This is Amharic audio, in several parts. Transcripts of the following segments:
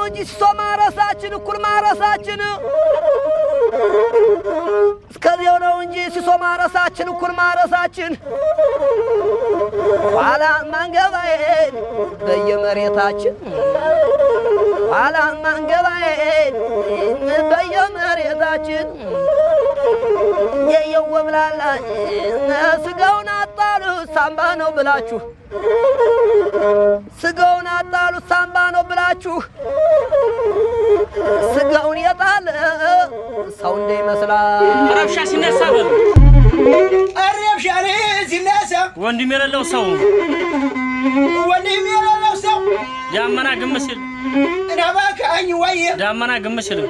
ነው እንጂ እሷ ማረሳችን እኩል ማረሳችን እስከዚያው ነው እንጂ ሲሶ ማረሳችን እኩል ማረሳችን ኋላ ማንገባዬን በየመሬታችን ኋላ ማንገባዬን በየመሬታችን የየወብላላ ስጋውን አጣሉ ሳምባ ነው ብላችሁ ስጋውን አጣሉ ሳምባ ነው ብላችሁ ያለ ይመስላል። ረብሻ ሲነሳ በሉ ረብሻ ሲነሳ ወንድም የሌለው ሰው ወንድም የሌለው ሰው ዳመና ግም ሲል እባክህ ወይዬ ዳመና ግም ሲል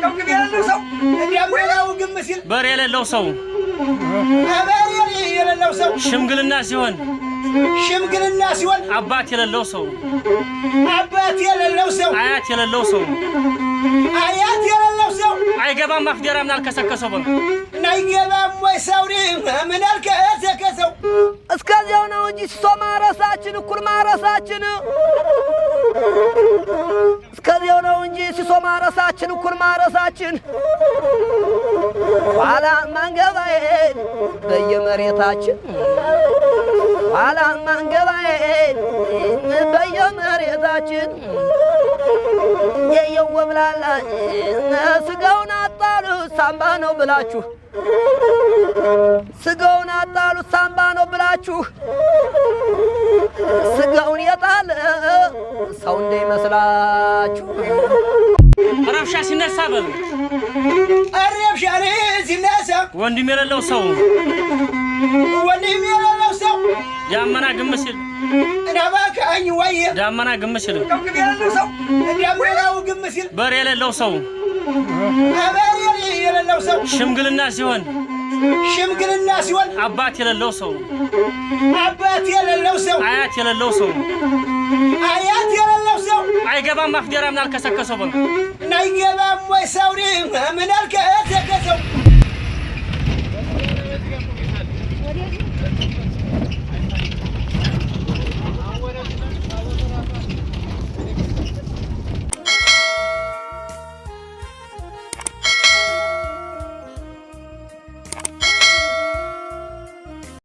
በር የሌለው ሰው ሽምግልና ሲሆን ሽምግልና ሲሆን አባት የሌለው ሰው አባት የሌለው ሰው አያት የሌለው ሰው አያት አይገባም። ማክደራ ምን አልከሰከሰው በሉ እና አይገባም ወይ ሰውሪ ምን አልከሰከሰው እስከዚያው ነው እንጂ ሶ ማረሳችን እኩል ማረሳችን እስከዚያው ነው እንጂ ሲሶ ማረሳችን እኩል ማረሳችን ኋላ ማንገባ በየመሬታችን ኋላ ማንገባ በየመሬታችን የየው ብላላ ስጋውን አጣሉት ሳምባ ነው ብላችሁ ስጋውን አጣሉ ሳምባ ነው ብላችሁ ስጋውን የጣለ ሰው እንዳይመስላችሁ። ረብሻ ሲነሳ በሉ ረብሻ ሲነሳ ወንድም የሌለው ሰው ወንድም ዳመና ግም ሲል ዳመና ግም ሲል በር የሌለው ሰው ሽምግልና ሲሆን ሽምግልና ሲሆን አባት የሌለው ሰው አባት የሌለው ሰው አያት የሌለው ሰው አያት የሌለው ሰው አይገባም። አፍዴራ ምን አልከሰከሰው በሉ አይገባም ወይ ሰው ምን